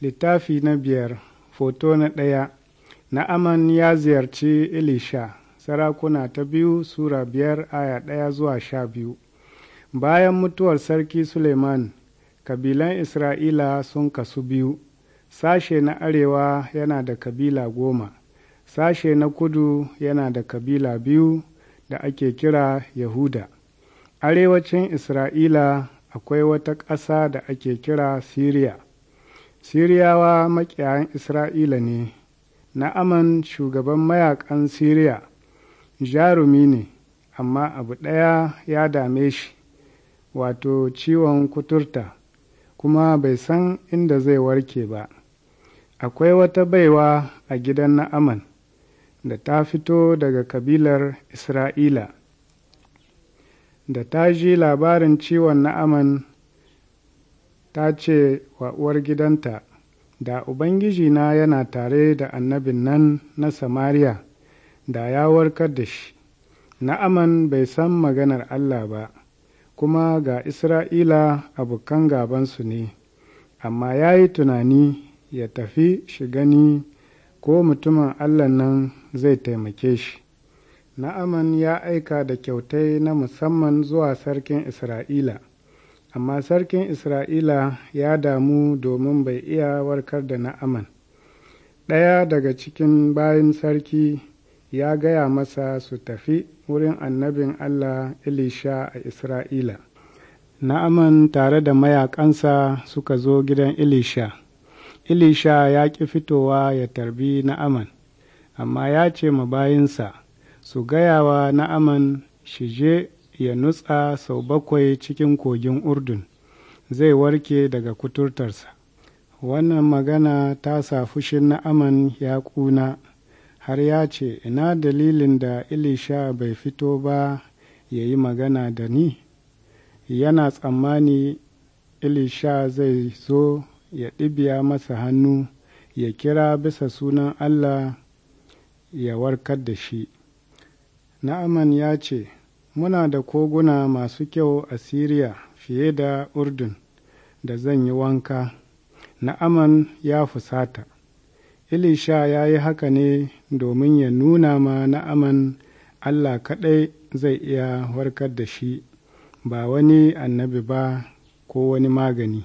Littafi na biyar Foto na ɗaya Na'aman ya ziyarci Elisha Sarakuna ta biyu Sura biyar aya ɗaya zuwa sha biyu Bayan mutuwar Sarki Suleiman, kabilan Isra'ila sun kasu biyu, sashe na arewa yana da kabila goma, sashe na kudu yana da kabila biyu da ake kira Yahuda. Arewacin Isra'ila akwai wata ƙasa da ake kira Siriya. siriyawa makiyayin isra'ila ne na'aman shugaban mayakan siriya jarumi ne amma abu ɗaya ya dame shi wato ciwon kuturta kuma bai san inda zai warke ba akwai wata baiwa a gidan na'aman da ta fito daga kabilar isra'ila da ta ji labarin ciwon na'aman ta ce wa uwar gidanta, Da Ubangiji na yana tare da annabin nan na Samariya, da ya warkar da shi, na'aman bai san maganar Allah ba, kuma ga Isra'ila abokan gabansu ne, amma ya yi tunani ya tafi shi gani ko mutumin Allah nan zai taimake shi. Na'aman ya aika da kyautai na musamman zuwa sarkin Isra'ila. amma sarkin isra'ila ya damu domin bai iya warkar da na'aman ɗaya daga cikin bayan sarki ya gaya masa su tafi wurin annabin allah elisha a isra'ila na'aman tare da mayakansa suka zo gidan elisha elisha ya ƙi fitowa ya tarbi na'aman amma ya ce ma bayinsa su gayawa na'aman shi je ya nutsa sau bakwai cikin kogin urdun zai warke daga kuturtarsa wannan magana ta sa fushin na'aman ya ƙuna har ya ce ina dalilin da ilisha bai fito ba ya yi magana da ni yana tsammani ilisha zai zo ya ɗibiya masa hannu ya kira bisa sunan allah ya warkar da shi na'aman ya ce muna da koguna masu kyau a Siriya fiye da Urdun da zan yi wanka, na'aman ya fusata. Ilisha ya yi haka ne domin ya nuna ma na'aman Allah kaɗai zai iya warkar da shi, ba wani annabi ba ko wani magani.